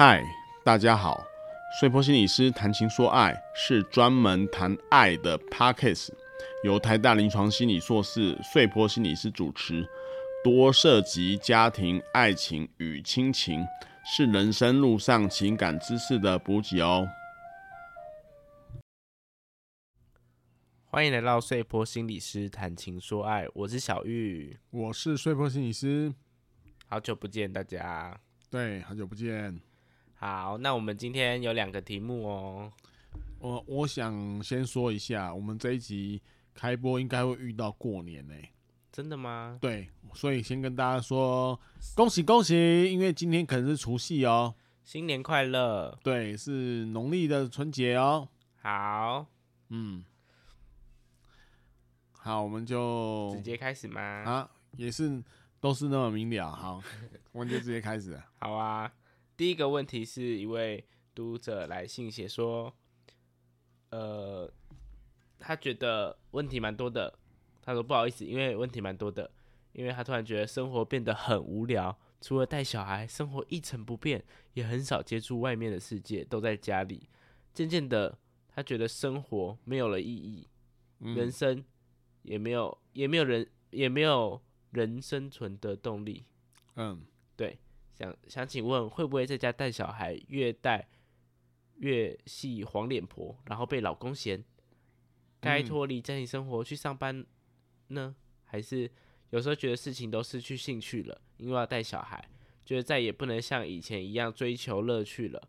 嗨，Hi, 大家好！穗波心理師談情說愛是專門談愛的 podcast，由台大臨床心理碩士穗波心理師主持，多涉及家庭、愛情與親情，是人生路上情感知識的補給哦。歡迎來到穗波心理師談情說愛，我是小玉，我是穗波心理師，好久不見，大家。對，好久不見。好，那我們今天有兩個題目哦。我我想先說一下，我們這一集開播應該會遇到過年呢。真的嗎？對，所以先跟大家說恭喜恭喜，因為今天可能是除夕哦，新年快樂。對，是農曆的春節哦。好，嗯，好，我們就直接開始嗎？啊，也是都是那麼明了，好， 我們就直接開始了。好啊。第一個問題是一位讀者來信寫說，呃，他覺得問題蠻多的。他說不好意思，因為問題蠻多的，因為他突然覺得生活變得很無聊，除了帶小孩，生活一成不變，也很少接觸外面的世界，都在家裡。漸漸的，他覺得生活沒有了意義，嗯、人生也沒有，也沒有人，也沒有人生存的動力。嗯，對。想想，想請問會不會在家帶小孩，越帶越系黃臉婆，然後被老公嫌？該脫離家庭生活去上班呢？嗯、還是有時候覺得事情都失去興趣了，因為要帶小孩，覺得再也不能像以前一樣追求樂趣了？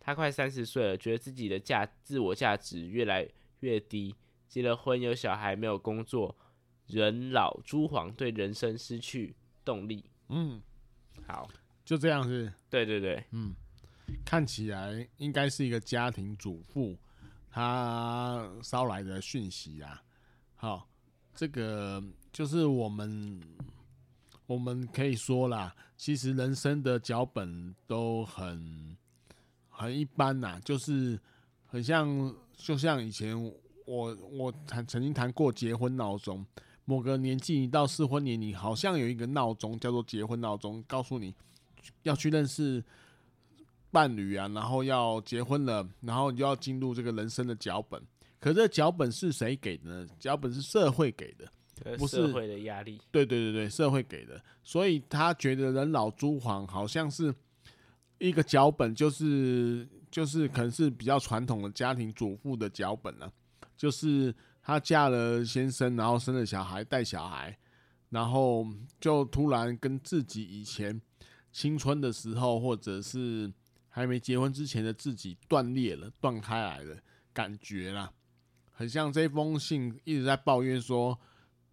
她快三十歲了，覺得自己的價自我價值越來越低，結了婚有小孩沒有工作，人老珠黃，對人生失去動力。嗯。好，就這樣子。對對對，嗯，看起來應該是一個家庭主婦，她捎來的訊息啊。好，這個就是我們我們可以說啦，其實人生的腳本都很很一般啦，就是很像，就像以前我我談曾經談過結婚鬧鐘。某個年紀，你到適婚年齡，你好像有一個鬧鐘叫做結婚鬧鐘，告訴你要去認識伴侶啊，然後要結婚了，然後你就要進入這個人生的腳本。可這腳本是誰給的呢？腳本是社會給的，不是社會的壓力。對對對對，社會給的。所以他覺得人老珠黃，好像是一個腳本，就是就是可能是比較傳統的家庭主婦的腳本了，啊，就是。她嫁了先生，然後生了小孩，帶小孩，然後就突然跟自己以前青春的時候，或者是還沒結婚之前的自己斷裂了、斷開來的感覺啦，很像這封信一直在抱怨說，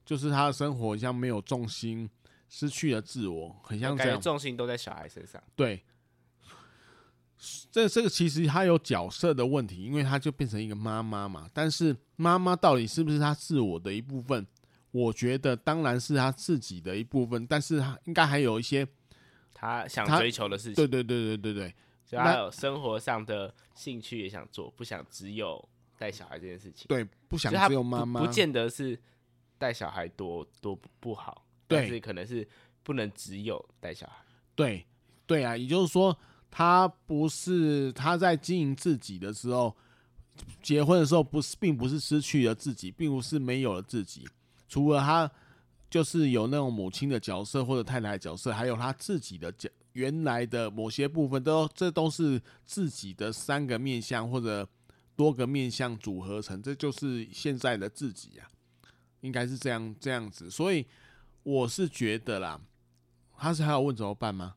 就是他的生活像沒有重心，失去了自我，很像這樣，感覺重心都在小孩身上。對。這這個其實他有角色的問題，因為他就變成一個媽媽嘛。但是媽媽到底是不是他自我的一部分？我覺得當然是他自己的一部分，但是他應該還有一些他想追求的事情。對對對對對對，他還有生活上的興趣也想做，不想只有帶小孩這件事情。對，不想只有媽媽。不，不見得是帶小孩多多不好，對但是可能是不能只有帶小孩。對對啊，也就是說。他不是，他在經營自己的時候，結婚的時候，不是，並不是失去了自己，並不是沒有了自己。除了他，就是有那種母親的角色或者太太角色，還有他自己的原來的某些部分都，這都是自己的三個面向或者多個面向組合成，這就是現在的自己啊，應該是這樣這樣子。所以我是覺得啦，他是還要問怎麼辦嗎？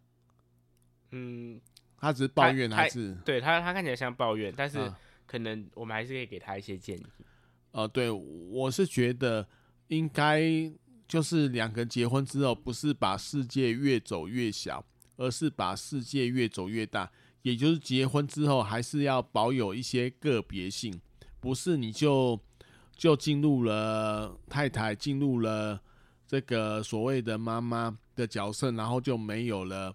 嗯。他只是抱怨，還是他他對他，他看起來像抱怨，但是可能我們還是可以給他一些建議。啊、呃，對我是覺得應該就是兩個人結婚之後，不是把世界越走越小，而是把世界越走越大。也就是結婚之後，還是要保有一些個別性，不是你就就進入了太太進入了這個所謂的媽媽的角色，然後就沒有了。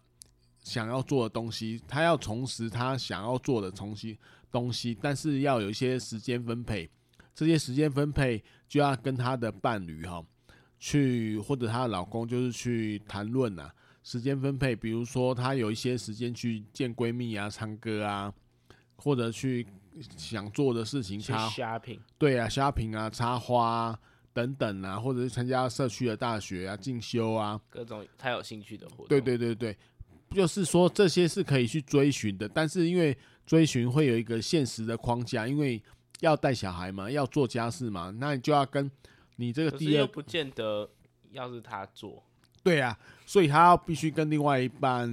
想要做的東西，她要重拾她想要做的重新東西，但是要有一些時間分配。這些時間分配就要跟她的伴侶哈，去或者她的老公就是去談論吶時間分配。比如說她有一些時間去見閨蜜啊、唱歌啊，或者去想做的事情他，插 shopping 對呀、啊，插屏啊、插花、啊、等等啊，或者是參加社區的大學啊、進修啊，各種她有興趣的活動。對對對對。就是說這些是可以去追尋的，但是因為追尋會有一個現實的框架，因為要帶小孩嘛，要做家事嘛，那你就要跟你這個第一又不見得要是他做，對啊。所以他要必須跟另外一半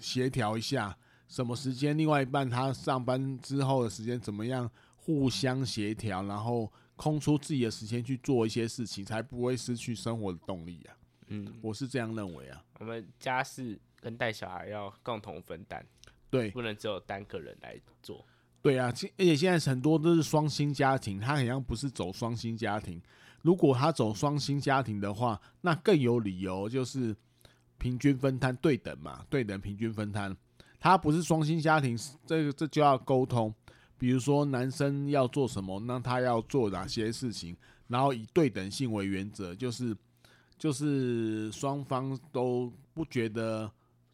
協調一下，什麼時間，另外一半他上班之後的時間怎麼樣，互相協調，然後空出自己的時間去做一些事情，才不會失去生活的動力啊。嗯，我是這樣認為啊。我們家事跟帶小孩要共同分擔，對，不能只有單個人來做。對啊，而且現在很多都是雙薪家庭，他好像不是走雙薪家庭。如果他走雙薪家庭的話，那更有理由就是平均分攤，對等嘛，對等平均分攤。他不是雙薪家庭，這個這就要溝通。比如說男生要做什麼，那他要做哪些事情，然後以對等性為原則，就是。就是雙方都不覺得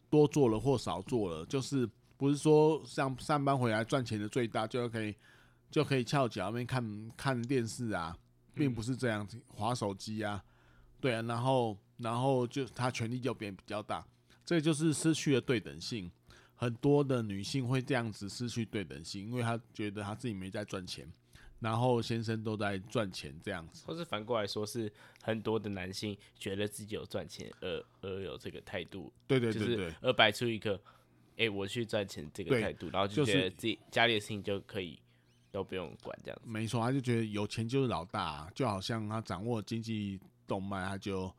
多做了或少做了，就是不是說像上，上班回來賺錢的最大就，就可以就可以翹腳那邊看看電視啊，並不是這樣子滑手機啊，對啊，然後然後就他權力就變比較大，這就是失去了對等性。很多的女性會這樣子失去對等性，因為她覺得她自己沒在賺錢。然後先生都在賺錢這樣子，或是反過來說，是很多的男性覺得自己有賺錢而而有這個態度，對對對對，而擺出一個，哎、欸，我去賺錢這個態度，對，然後就覺得自己家裡的事情就可以都不用管這樣子，就是，沒錯，他就覺得有錢就是老大，啊，就好像他掌握經濟動脈，他就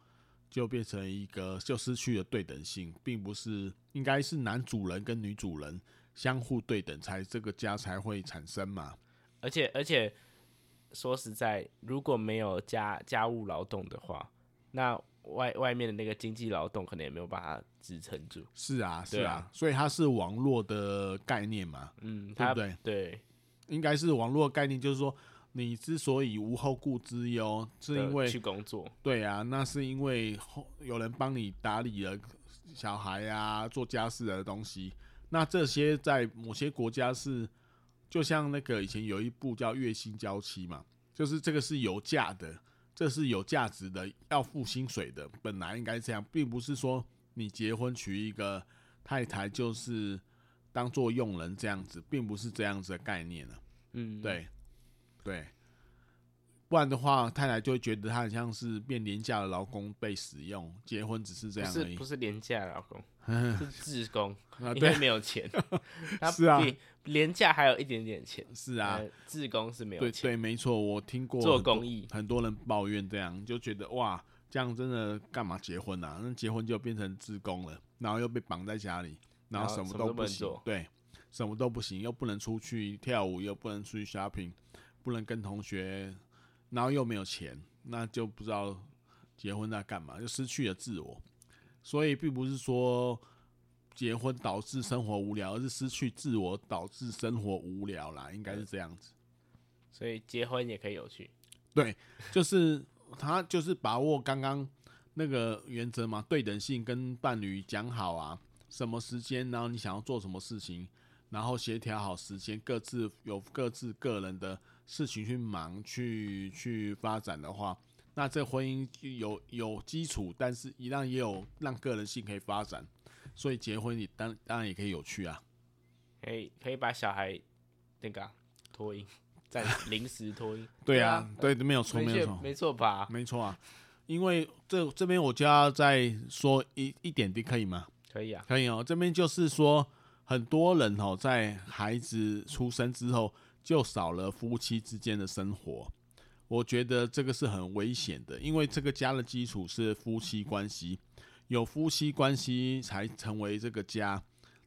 就變成一個就失去了對等性，並不是應該是男主人跟女主人相互對等才這個家才會產生嘛。而且而且，說實在，如果沒有家家務勞動的話，那外外面的那個經濟勞動可能也沒有辦法支撐住。是啊，啊是啊，所以它是網絡的概念嘛，嗯，對不對？對，應該是網絡的概念，就是說你之所以無後顧之憂，是因為去工作，對啊，那是因為有人幫你打理了小孩啊，做家事的東西。那這些在某些國家是。就像那個以前有一部叫《月薪嬌妻》嘛，就是這個是有價的，這是有價值的，要付薪水的，本來應該是這樣，並不是說你結婚娶一個太太就是當做傭人這樣子，並不是這樣子的概念呢、啊。嗯，對，對，不然的話太太就會覺得她好像是變廉價的勞工被使用，結婚只是這樣而已，不是廉價勞工。是志工，因為呵沒有錢，是啊，廉價還有一點點錢，是啊，志工是沒有錢，對，對，沒錯，我聽過做公益，很多人抱怨這樣，就覺得哇，這樣真的幹嘛結婚啊？那結婚就變成志工了，然後又被綁在家裡，然後什麼都不行，不做，對，什麼都不行，又不能出去跳舞，又不能出去 shopping，不能跟同學，然後又沒有錢，那就不知道結婚在幹嘛，就失去了自我。所以並不是說結婚導致生活無聊，而是失去自我導致生活無聊啦，應該是這樣子。所以結婚也可以有趣。對，就是他就是把握剛剛那個原則嘛，對等性跟伴侶講好啊，什麼時間，然後你想要做什麼事情，然後協調好時間，各自有各自個人的事情去忙去去發展的話。那這婚姻有有基礎，但是一旦也有讓個人性可以發展，所以結婚你當然當然也可以有趣啊，可以可以把小孩，那個托嬰在臨時托嬰， 對啊，對，啊對，沒有錯，呃、沒錯錯，沒錯吧，沒錯啊， 因為這這邊我就要再說一一點點，可以嗎？可以啊，可以哦、喔，這邊就是說很多人哦、喔，在孩子出生之後就少了夫妻之間的生活。我覺得這個是很危險的，因為這個家的基礎是夫妻關係，有夫妻關係才成為這個家，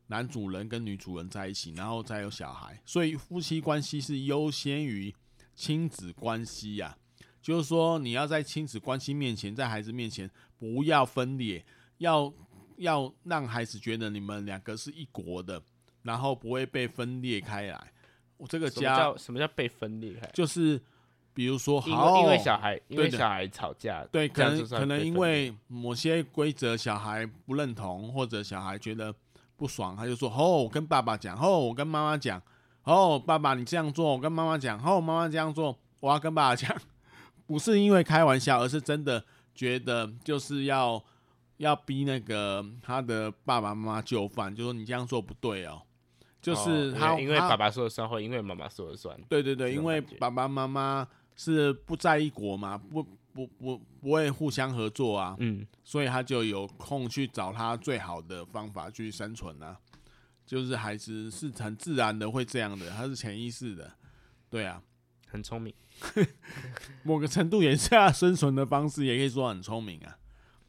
男主人跟女主人在一起，然後再有小孩，所以夫妻關係是優先於親子關係呀、啊。就是說，你要在親子關係面前，在孩子面前不要分裂，要要讓孩子覺得你們兩個是一國的，然後不會被分裂開來。我這個家什麼叫被分裂開來？就是。比如說，好，因為小孩，oh, 因為小孩吵架，對，的對，可能對可能因為某些規則，小孩不認同或者小孩覺得不爽，他就說：“哦，oh, 我跟爸爸講，哦、oh,，我跟媽媽講，哦、oh,，爸爸你這樣做，我跟媽媽講，哦，媽媽這樣做，我要跟爸爸講。 ”不是因為開玩笑，而是真的覺得就是要要逼那個他的爸爸媽媽就範，就說你這樣做不對哦，就是好，oh, 他因為爸爸說了算，或因為媽媽說了算，對對對，因為爸爸媽媽。是不在一國嘛？不不不不會互相合作啊。嗯，所以他就有空去找他最好的方法去生存啊。就是孩子是很自然的會這樣的，他是潛意識的，對啊，很聰明。 某個程度也是啊，生存的方式也可以說很聰明啊，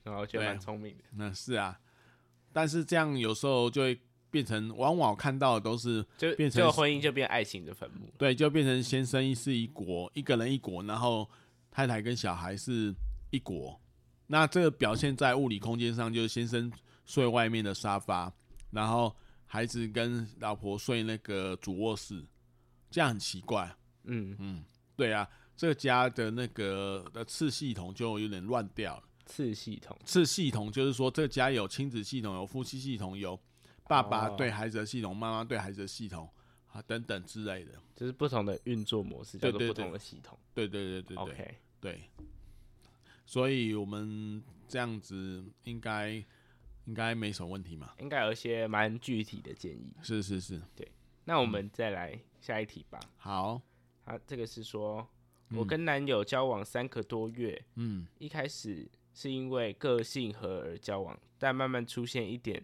哦，我覺得很聰明，啊，那是啊，但是這樣有時候就會。變成往往看到的都是就變成就就婚姻就變愛情的墳墓，對，就變成先生一是一國，一個人一國，然後太太跟小孩是一國。那這個表現在物理空間上，就是先生睡外面的沙發，然後孩子跟老婆睡那個主臥室，這樣很奇怪。嗯嗯，對啊，這個、家的那個的次系統就有點亂掉了。次系統，次系統就是說這個、家有親子系統，有夫妻系統，有。爸爸對孩子的系統，媽媽、哦、對孩子的系統，啊等等之類的，就是不同的運作模式，對對對，叫做不同的系統。對對對對對，對，對，Okay 對，所以我們這樣子應該應該沒什麼問題嘛？應該有一些蠻具體的建議。是是是，對，那我們再來下一題吧。好、嗯，好，這個是說我跟男友交往三個多月，嗯，一開始是因為個性合兒而交往，但慢慢出現一點。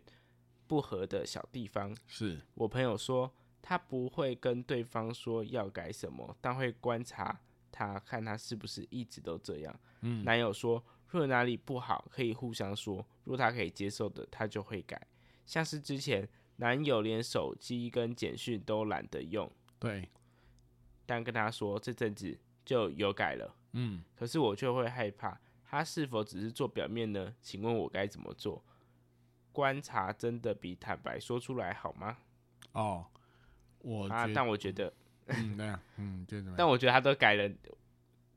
不合的小地方，是我朋友說他不會跟對方說要改什麼，但會觀察他，看他是不是一直都這樣。嗯、男友說，若哪裡不好，可以互相說；若他可以接受的，他就會改。像是之前男友連手機跟簡訊都懶得用，對，但跟他說這陣子就有改了。嗯，可是我就會害怕他是否只是做表面呢？請問我該怎麼做？觀察真的比坦白說出來好嗎？哦，我覺得啊，但我覺得，嗯，那樣。嗯，對的。對 但我覺得他都改了，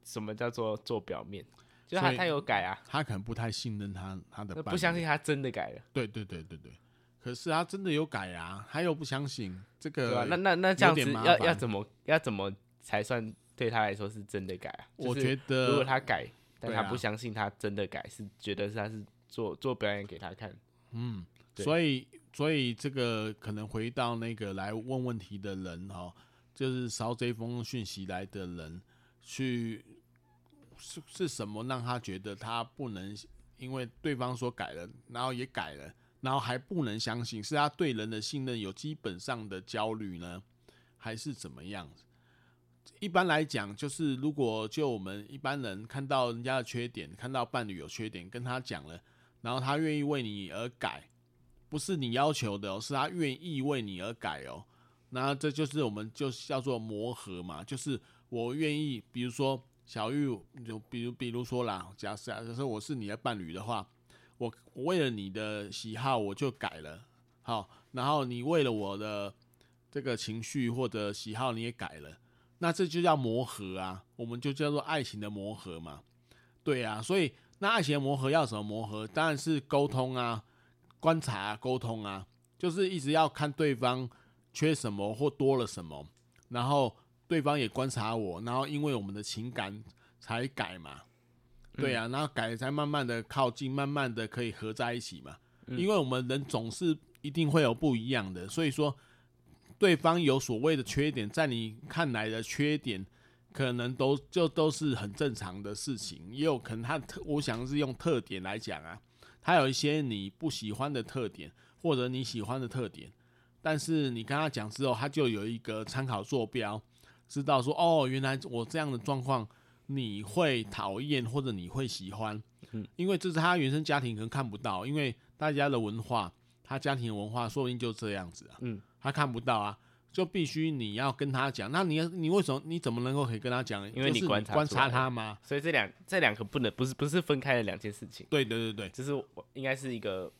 什麼叫做做表面？就他以他有改啊，他可能不太信任他，他的不相信他真的改了。對對對對對。可是他真的有改啊，他又不相信這個。對啊、那那那這樣子要要怎麼要怎麼才算對他來說是真的改啊？就是、我覺得，如果他改，但他不相信他真的改，啊、是覺得他是做做表演給他看。嗯，對所以所以這個可能回到那個來問問題的人哈、哦，就是捎這封訊息來的人，去是是什麼讓他覺得他不能，因為對方說改了，然後也改了，然後還不能相信，是他對人的信任有基本上的焦慮呢，還是怎麼樣？一般來講，就是如果就我們一般人看到人家的缺點，看到伴侶有缺點，跟他講了。然後他願意為你而改，不是你要求的哦，是他願意為你而改哦。那這就是我們就叫做磨合嘛，就是我願意，比如說小玉，就比如比如說啦，假設假設我是你的伴侶的話，我為了你的喜好我就改了，好，然後你為了我的這個情緒或者喜好你也改了，那這就叫磨合啊，我們就叫做愛情的磨合嘛，對啊，所以。那愛情的磨合要什麼磨合？當然是溝通啊，觀察啊，溝通啊，就是一直要看對方缺什麼或多了什麼，然後對方也觀察我，然後因為我們的情感才改嘛，對啊，然後改才慢慢的靠近，慢慢的可以合在一起嘛。因為我們人總是一定會有不一樣的，所以說對方有所謂的缺點，在你看來的缺點。可能都就都是很正常的事情，也有可能他特，我想是用特點來講啊，他有一些你不喜歡的特點，或者你喜歡的特點，但是你跟他講之後，他就有一個參考坐標，知道說哦，原來我這樣的狀況你會討厭或者你會喜歡，嗯，因為這是他原生家庭可能看不到，因為大家的文化，他家庭文化說不定就這樣子啊，嗯，他看不到啊。就必須你要跟他講，那你要你為什麼你怎麼能夠可以跟他講？因為你觀察你觀察他嗎？所以這兩這兩個不能不是不是分開的兩件事情。對對對對，這是應該是一個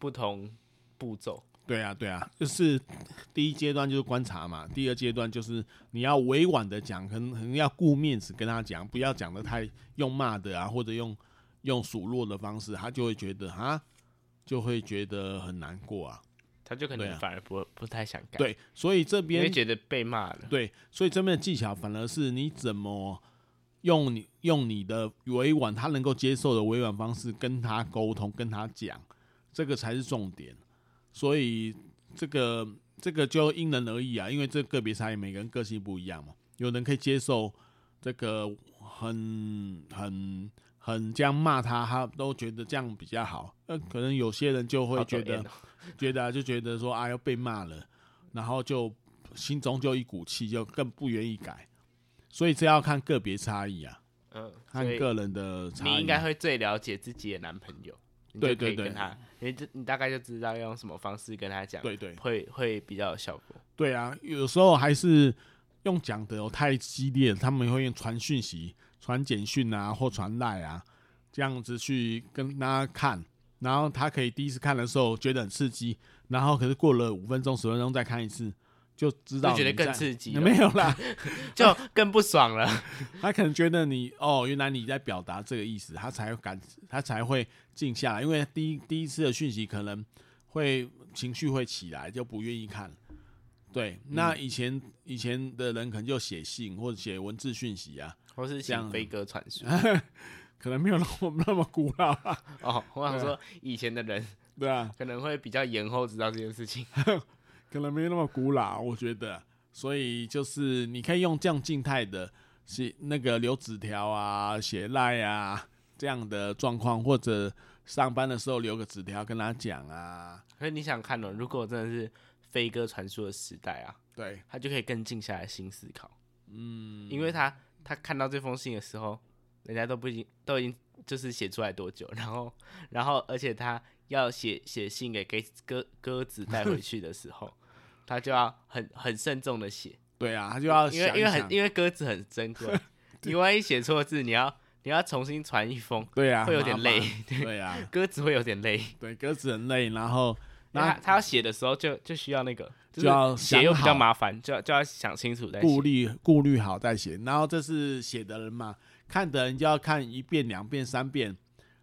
不同步驟。對啊對啊，就是第一階段就是觀察嘛，第二階段就是你要委婉的講，可能可能要顧面子跟他講，不要講得太用罵的啊，或者用用數落的方式，他就會覺得啊，就會覺得很難過啊。他就可能反而不、啊、不太想幹，對，所以這邊覺得被罵了，對，所以這邊的技巧反而是你怎麼用你用你的委婉，他能夠接受的委婉方式跟他溝通，跟他講，這個才是重點。所以這個這個就因人而異啊，因為這個別差異，每個人個性不一樣嘛，有人可以接受這個很很。很這樣罵他，他都覺得這樣比較好。那、呃、可能有些人就會覺得，好覺得、啊、 就覺得說啊，要被罵了，然後就心中就一股氣，就更不願意改。所以這要看個別差異啊，嗯，看個人的差異。你應該會最了解自己的男朋友，對對對，他，你這你大概就知道用什麼方式跟他講，對，對對，會會比較有效果。對啊，有時候還是用講的太激烈，他們會用傳訊息。傳簡訊啊，或傳賴啊，這樣子去跟他看，然後他可以第一次看的時候覺得很刺激，然後可是過了五分鐘、十分鐘再看一次，就知道你就覺得更刺激，沒有啦， 就更不爽了。 他可能覺得你哦，原來你在表達這個意思，他才敢，他才會靜下來。因為第一第一次的訊息可能會情緒會起來，就不願意看。對，嗯、那以前以前的人可能就寫信或者寫文字訊息啊。或是想飛鴿傳書，可能沒有那麼那麼古老了。 哦，我想說以前的人對啊，對啊，可能會比較延後知道這件事情呵呵，可能沒有那麼古老，我覺得。所以就是你可以用這樣靜態的，寫，那個留紙條啊、寫賴、like、啊這樣的狀況，或者上班的時候留個紙條跟他講啊。可是你想看呢、喔？如果真的是飛鴿傳書的時代啊，對，他就可以更靜下來心思考。嗯，因為他。他看到這封信的時候，人家都不已經都已經就是寫出來多久，然後，然後，而且他要寫寫信給給鴿鴿子帶回去的時候， 他就要很很慎重的寫。對啊，他就要寫，因為因為很因為鴿子很珍貴， 對你萬一寫錯字，你要你要重新傳一封。對啊，會有點累。對啊，鴿 子會有點累。對，鴿子很累，然後。那他，他要寫的時候就，就就需要那個，就要、是、寫又比較麻煩，就要就要，就要想清楚再寫，顧慮顧慮好再寫。然後這是寫的人嘛，看的人就要看一遍、兩遍、三遍。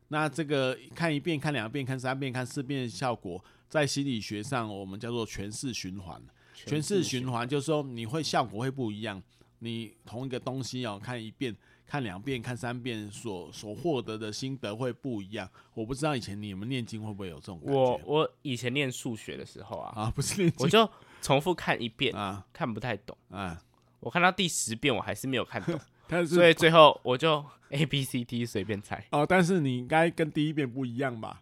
那這個看一遍、看兩遍、看三遍、看四遍的效果，在心理學上我們叫做詮釋循環。詮釋循環就是說，你會效果會不一樣。你同一個東西哦、喔，看一遍。看兩遍、看三遍所，所所獲得的心得會不一樣。我不知道以前你們念經會不會有這種感覺？我我以前念數學的時候啊，啊不是念經，我就重複看一遍，啊、看不太懂。啊、我看到第十遍我還是沒有看懂，但是，所以最後我就 A、B、C、D 隨便猜。哦，但是你應該跟第一遍不一樣吧？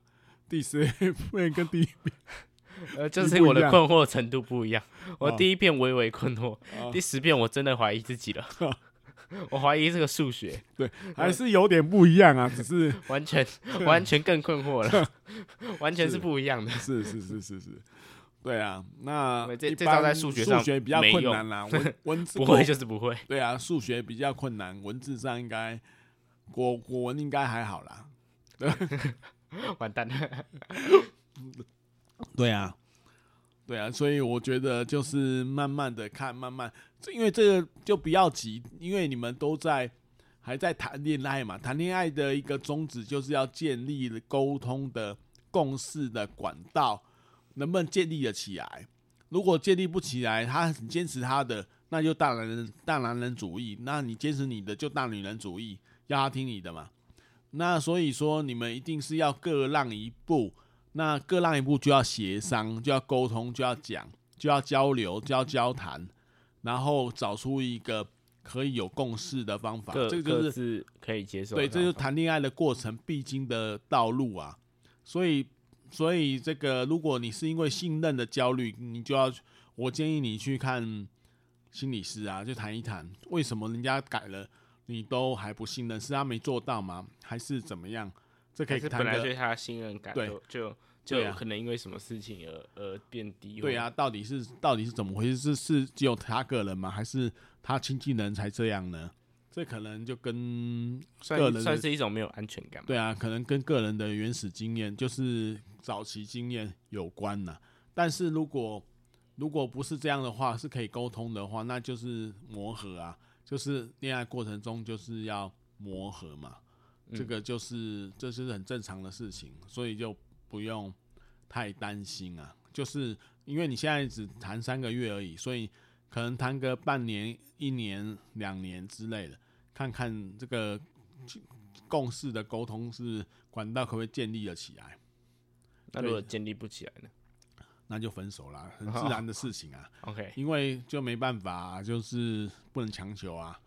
第十一遍跟第一遍， 呃，就是我的困惑程度不一樣。哦、我第一遍微微困惑，哦、第十遍我真的懷疑自己了。哦我懷疑這個數學對，還是有點不一樣啊，可對是完全呵呵完全更困惑了，呵呵完全是不一樣的，是是是是是，是，對啊，那這這招在數學上數學比較困難啦，啊，文字不會就是不會，對啊，數學比較困難，文字上應該國國文應該還好啦，啊、 完蛋了，對啊。對啊，所以我覺得就是慢慢的看，慢慢，因為這個就不要急，因為你們都在還在談戀愛嘛，談戀愛的一個宗旨就是要建立溝通的、共識的管道，能不能建立的起來？如果建立不起來，他堅持他的，那就大男人大男人主義；那你堅持你的，就大女人主義，要他聽你的嘛。那所以說，你們一定是要各讓一步。那各讓一步就要協商，就要溝通，就要講，就要交流，就要交談，然後找出一個可以有共識的方法。各，這個、就是可以接受的。對，這個、就是談戀愛的過程必經的道路啊。所以，所以這個，如果你是因為信任的焦慮，你就要，我建議你去看心理師啊，就談一談，為什麼人家改了，你都還不信任？是他沒做到嗎？還是怎麼樣？這可以談。是本來對他信任感，對，就。.就可能因為什麼事情而而變低。對啊，到底是到底是怎麼回事？是是只有他個人嗎？還是他親戚人才這樣呢？這可能就跟個人算，算是一種沒有安全感。對啊，可能跟個人的原始經驗，就是早期經驗有關吶、啊。但是如果如果不是這樣的話，是可以溝通的話，那就是磨合啊，就是戀愛過程中就是要磨合嘛。這個就是、嗯、這就是很正常的事情，所以就不用。太擔心啊，就是因為你現在只談三個月而已，所以可能談個半年、一年、兩年之類的，看看這個共識的溝通是管道可不可以建立了起來。那如果建立不起來呢？那就分手啦，很自然的事情啊。哦、OK，因為就沒辦法，就是不能強求啊。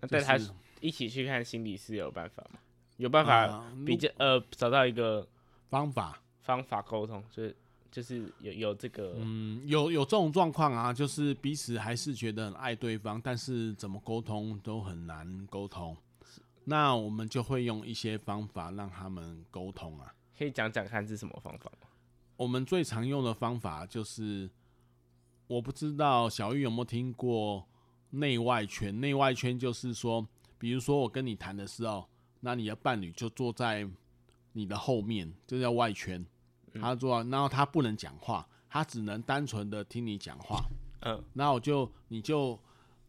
那帶帶他、就是、一起去看心理師有辦法嗎？有辦法比，比較呃、呃，找到一個方法。方法溝通就是就是有有這個嗯有有這種狀況啊，就是彼此還是覺得很愛對方，但是怎麼溝通都很難溝通。是那我們就會用一些方法讓他們溝通啊，可以講講看是什麼方法嗎？我們最常用的方法就是，我不知道小玉有沒有聽過內外圈。內外圈就是說，比如說我跟你談的時候，那你的伴侶就坐在你的後面，這叫外圈。他說：“然後他不能講話，他只能單純的聽你講話。嗯，那我就你就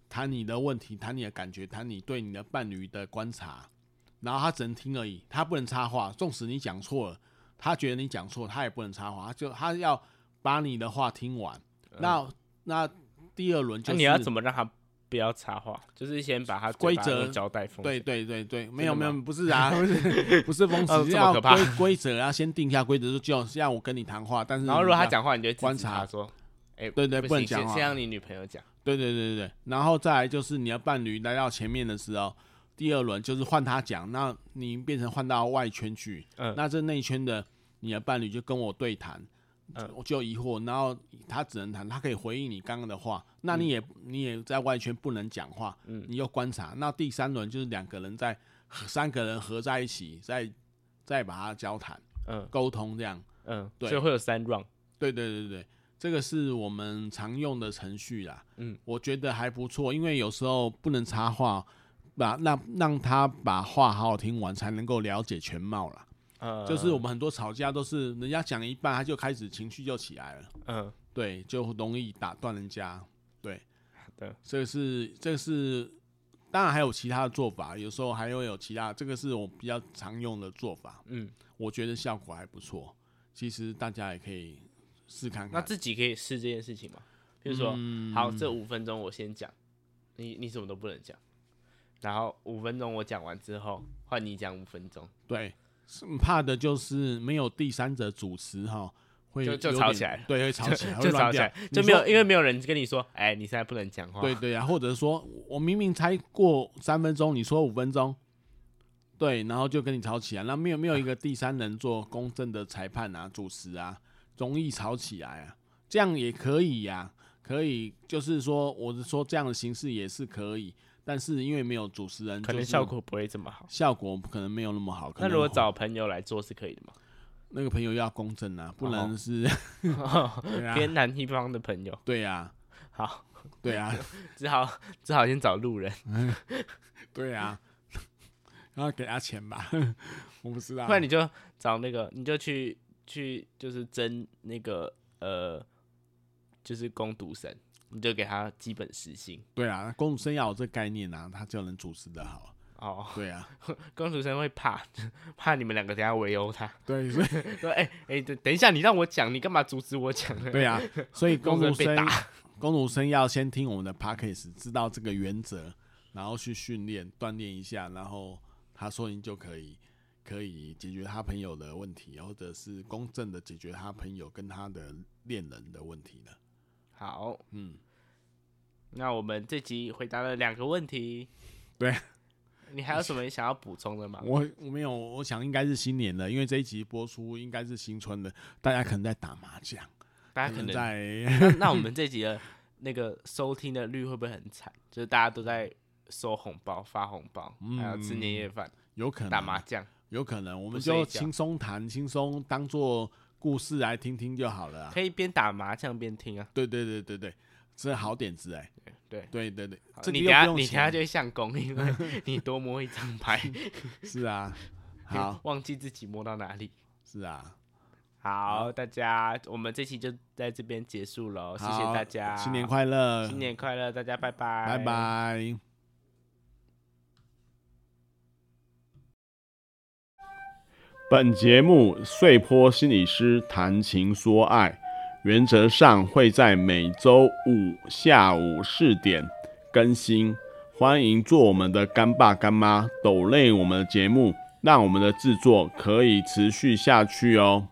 談你的問題，談你的感覺，談你對你的伴侶的觀察。然後他只能聽而已，他不能插話。縱使你講錯了，他覺得你講錯，他也不能插話。他就他要把你的話聽完。嗯，那那第二輪就是，哎，你要怎麼讓他？”不要插話，就是先把他規則交代。對險對對對，沒有沒有，不是啊，不是 不是，封死、 哦、這麼可怕。規則啊，要先定下規則是這樣，就我跟你談話，但是然後如果他講話，你就觀察說，哎、欸，對，對對，不，行不能講話，先讓你女朋友講。對，對對對對，然後再來就是你的伴侶來到前面的時候，第二輪就是換他講，那你變成換到外圈去，嗯、那這內圈的你的伴侶就跟我對談。嗯，我就疑惑，然後他只能談，他可以回應你剛剛的話，那你也、嗯、你也在外圈不能講話，嗯，你要觀察。那第三輪就是兩個人在三個人合在一起，再再把它交談，嗯，溝通這樣，嗯，對，所以會有三 r 對對對對，這個是我們常用的程序啦，嗯，我覺得還不錯，因為有時候不能插話，把那讓，讓他把話好好聽完，才能夠了解全貌啦。嗯，就是我們很多吵架都是人家講一半，他就開始情緒就起來了，嗯，對，就容易打斷人家。對，對，這個是這個是，當然還有其他的做法，有時候還會有，有其他。這個是我比較常用的做法。嗯，我覺得效果還不錯。其實大家也可以試看看。那自己可以試這件事情嗎？比如說，好，這五分鐘我先講，你你什麼都不能講，然後五分鐘我講完之後換你講五分鐘。嗯，對。怕的就是沒有第三者主持哈，會就吵起、起來，對， 會吵起來，會亂掉，就沒有，說因為沒有人跟你說，哎、欸，你現在不能講話，對對呀、啊，或者說，我明明才過三分鐘，你說五分鐘，對，然後就跟你吵起來，那沒有沒有一個第三人做公正的裁判啊、 主持啊，容易吵起來啊，這樣也可以呀、啊，可以，就是說，我是說這樣的形式也是可以。但是因為沒有主持人，可能效果不會這麼好。效果可能沒有那麼好。那如果找朋友來做是可以的嗎？那個朋友要公正啊，哦、不能是偏、哦 啊、袒一方的朋友。對呀、啊，好，對呀、啊，只好只好先找路人。 對呀、啊，然 後給他錢吧， 我不知道。那你就找那個，你就去去就是徵那個呃，就是工讀生。你就給他基本實性。對啊，公主生，要有這個概念啊，他就能主持得好。哦，oh, 對啊， 公主生會怕，怕你們兩個等下圍毆他。對，所以 說，說哎哎，等、欸、等一下，你讓我講，你幹嘛阻止我講？對啊，所以公主被打，公主生要先聽我們的 p a c k a g e，知道這個原則， 然後去訓練鍛鍊一下，然後他說你就可以可以解決他朋友的問題，或者是公正的解決他朋友跟他的戀人的問題呢。好，嗯，那我們這集回答了兩個問題。對，你還有什麼想要補充的嗎？我我沒有，我想應該是新年的，因為這一集播出應該是新春的，大家可能在打麻將，大家可能在。那我們這集的那個收聽的率會不會很慘？就是大家都在收紅包、發紅包，還要吃年夜飯，有可能打麻將，有可能，我們就輕鬆談，輕鬆當做。故事來聽聽就好了，啊，可以邊打麻將邊聽啊。對對對對對，真好點子哎，欸。對對對對，用用你等下你等下就會相公，因為你多摸一張牌。 是啊，好， 忘記自己摸到哪裡。是啊，好，好，大家，我們這期就在這邊結束嘍，好謝謝大家，新年快樂，新年快樂，大家拜拜，拜拜。本節目穗波心理師談情說愛，原則上會在每週五下午四點更新。歡迎做我們的乾爸乾媽，抖內我們的節目，讓我們的製作可以持續下去哦。